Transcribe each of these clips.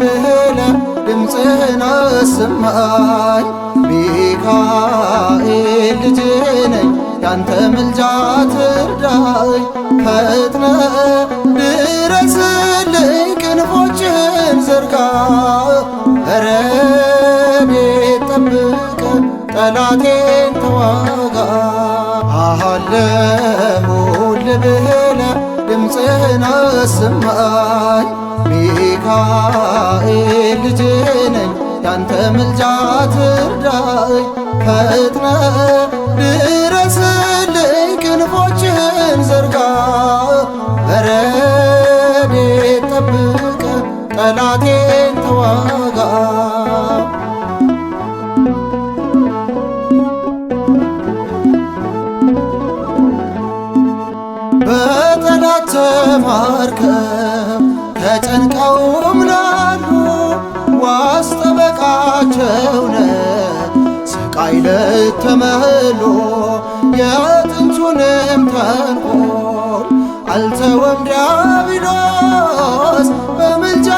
ብለ ድምፅህን አሰማኝ ሚካኤል ልጅ ነኝ ያንተ ምልጃ ትርዳኝ ፈጥነ ድረስልኝ ክንፎችን ዘርጋ እረኔ ጠብቀ ጠላቴን ተዋጋ አሃለሙ ልብለ ድምፅህን አሰማኝ ሚካኤል ልጅ ነኝ ያንተ ምልጃ ትርዳይ ፈጥነ ድረስልኝ ክንፎችን ዘርጋ በረዴ ጠብቀ ጠላቴን ተዋጋ በጠላት ተማርከ በእውነት ስቃይ ለተመሎ የጥንቱንም ተንኮል አልተወም ዲያብሎስ በምልጃ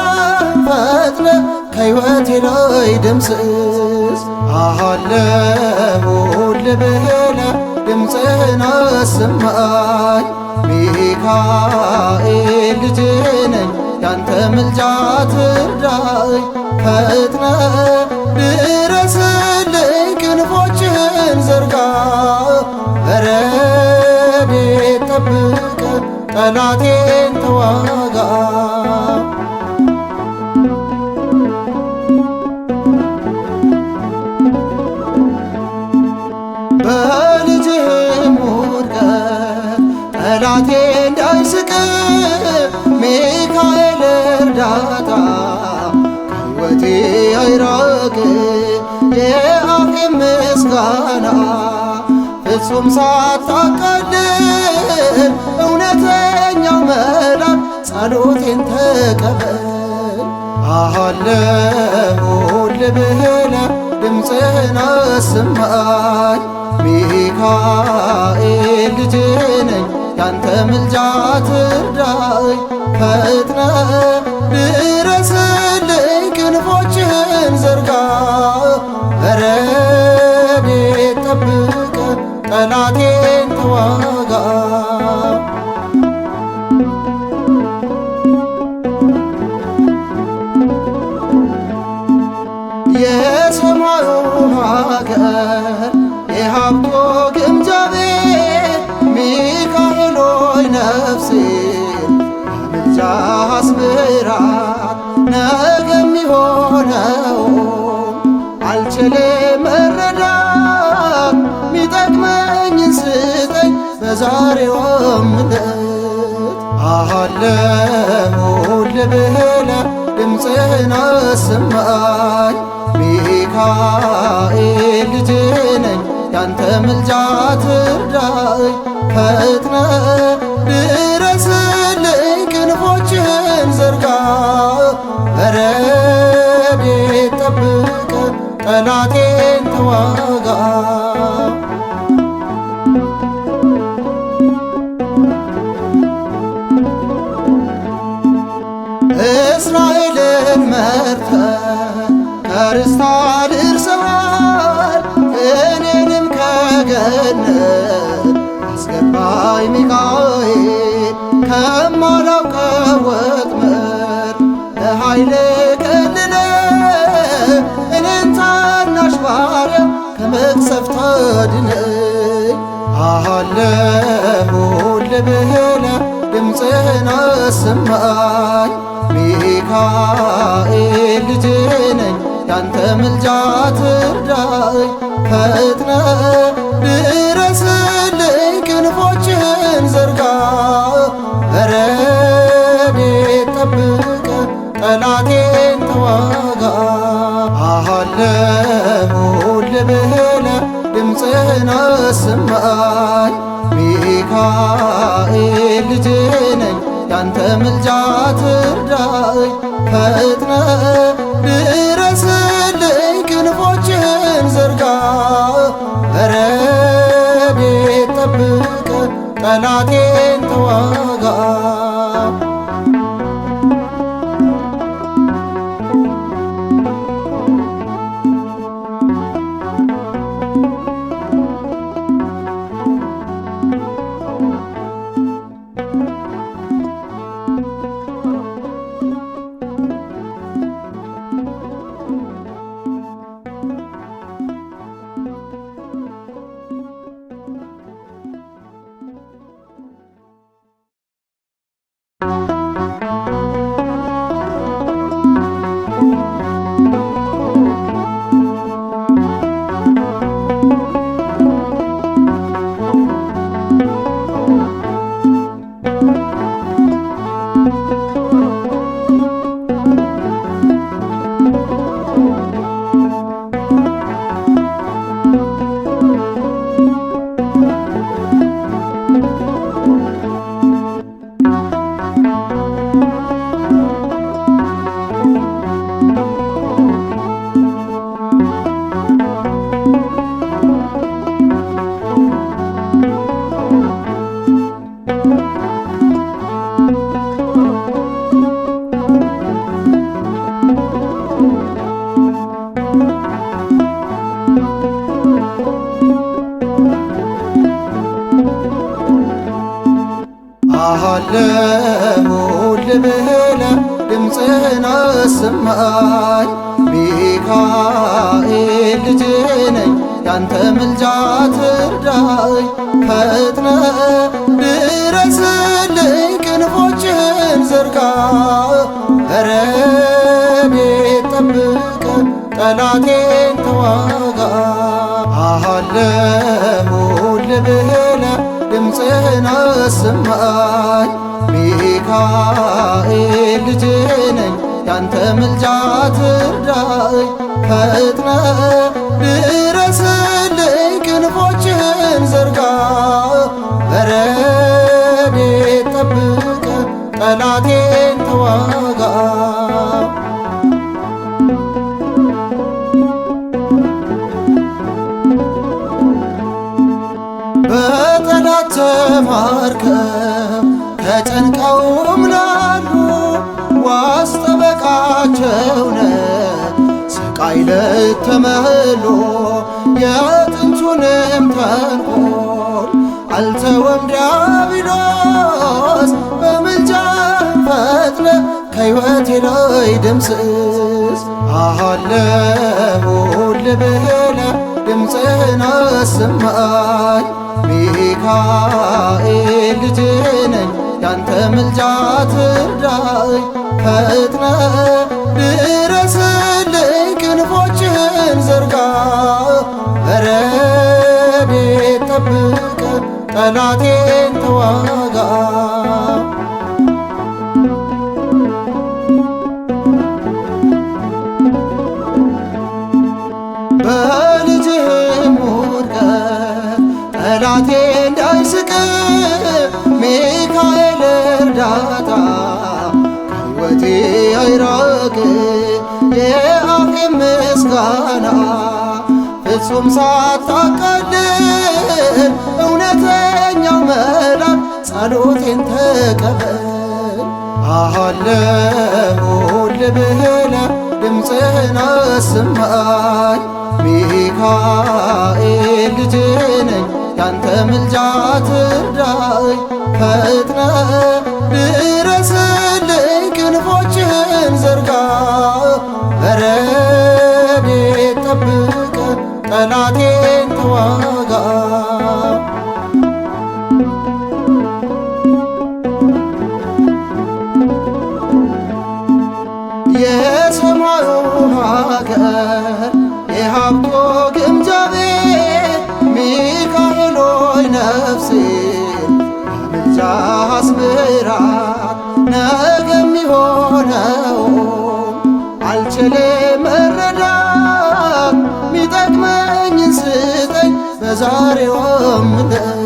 ፈጥነ ከሕይወቴ ላይ ድምፅስ አሃለሁል ብለ ድምፅህን አሰማኝ ሚካኤል ልጅ ያንተ ምልጃ ትርዳይ ፈጥነ ድረስልኝ ክንፎችን ዘርጋ በረዴት ጠብቅ ጠላቴን ተዋጋ በልጅህም ውድቀት ጠላቴ እንዳይስቅ ሚካኤል እርዳታ ከፊቴ አይራቅ የአፌ ምስጋና ፍጹም ሳታቃልል እውነተኛው መዳን ጸሎቴን ተቀበል። አሃለሁል ብለህ ድምፅህን አሰማኝ ሚካኤል ልጅ ነኝ ያንተ ምልጃ ትርዳኝ ፈጥነህ ድረስ ጠላቴን ተዋጋ የሰማዩ ሀገር የሀብቶ ግምጃ ቤት ሚካኤል ሆይ ነፍሴ ምልጃ አስብራት ነገ ሚሆን ብለ ድምፅህን አሰማኝ ሚካኤል ልጅ ነኝ ያንተ ምልጃ ትርዳይ ዓለሙ ልብህለ ድምፅህን አሰማኝ ሚካኤል ልጅ ነኝ ያንተ ምልጃ ትርዳኝ ፈጥነ ሚካኤል ልጅ ነኝ ያንተ ምልጃ ትርዳኝ፣ ፈጥነ ድረስልኝ ክንፎችን ዘርጋ በረዴ ጠብቀ ጠላቴ Thank you. ያሰማኝ ሚካኤል ልጄ ነኝ ያንተ ምልጃ ትዳይ ፈጥነ ድረስልኝ ክንፎችን ዘርጋ እረኔ ጠብቅ ጠላቴን ተዋጋ አሃለሙ ልብለ ድምፅህን አሰማኝ ሚካኤል ልጄ ነኝ ያንተ ምልጃ ትርዳይ ፈጥነ ድረስልኝ ክንፎችን ዘርጋ በረዴ ጠብቀ ጠላቴን ተዋጋ በጠላት ተማርከ ተጨንቀውም እውነት ስቃይ ለተመሎ የጥንቱንም ተንኮል አልተወም ዲያብሎስ በምልጃ ፈጥነ ከሕይወቴ ላይ ድምፅስ አሃለሁ ልብለ ድምፅህን አሰማኝ ሚካኤል ልጅ ነኝ ያንተ ምልጃ ትርዳኝ ፈጥነ ድረስልኝ ክንፎችን ዘርጋ በረዴት ጠብቅ ጠላቴን ተዋጋ በልጅህ ውድቀት ጠላቴ ምስጋና ፍጹም ሳታቀልል እውነተኛው መዳን ጸሎቴን ተቀበል። አሃለሁ ልብህለ ድምፅህን አሰማኝ ሚካኤል ልጅ ነኝ ያንተ ምልጃ ትርዳይ ፈጥነ ጠላቴን ተዋጋ የሰማዩ ሀገር የሀብቶ ግምጃ ቤት ሚካኤል ሆይ ነፍሴ ለምልጃ አስምራት ነገ የሚሆነው አልችልም በዛሬውም ዕለት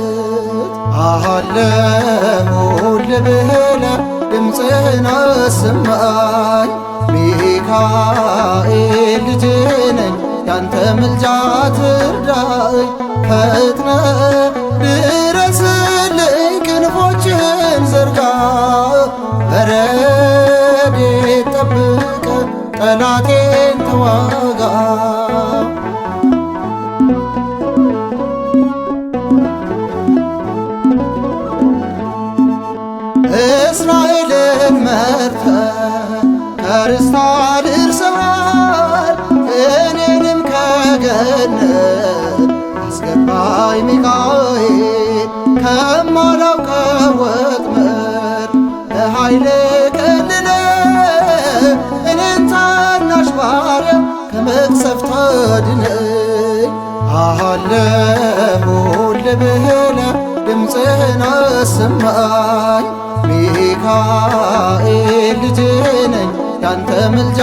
አሃለሁ ልብለ ድምፅህን አሰማኝ ሚካኤል ልጅ ነኝ ያንተ ምልጃ ትርዳይ ፈጥነ ገነት አስገባይ ሚካኤል ከማላውቀው ወጥመድ በኃይል ከልለ እኔን ታናሽ ባሪያ ከመቅሰፍት አድነኝ አለሁል ብለህ ድምፅህን አሰማኝ ሚካኤል ልጅ ነኝ ያንተ ምልጃ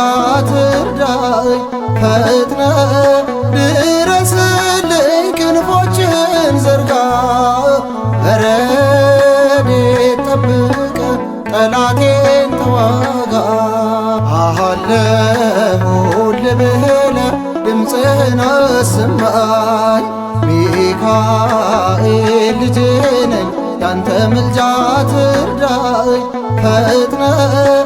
ትርዳኝ ፈጥነህ ድረስልኝ ክንፎችን ዘርጋ እረዴት ጠብቀ ጠላቴን ተዋጋ አሃለሁል ብለ ድምፅህን አሰማኝ ሚካኤል ልጅ ነኝ ያንተ ምልጃ ትርዳይ ፈጥነ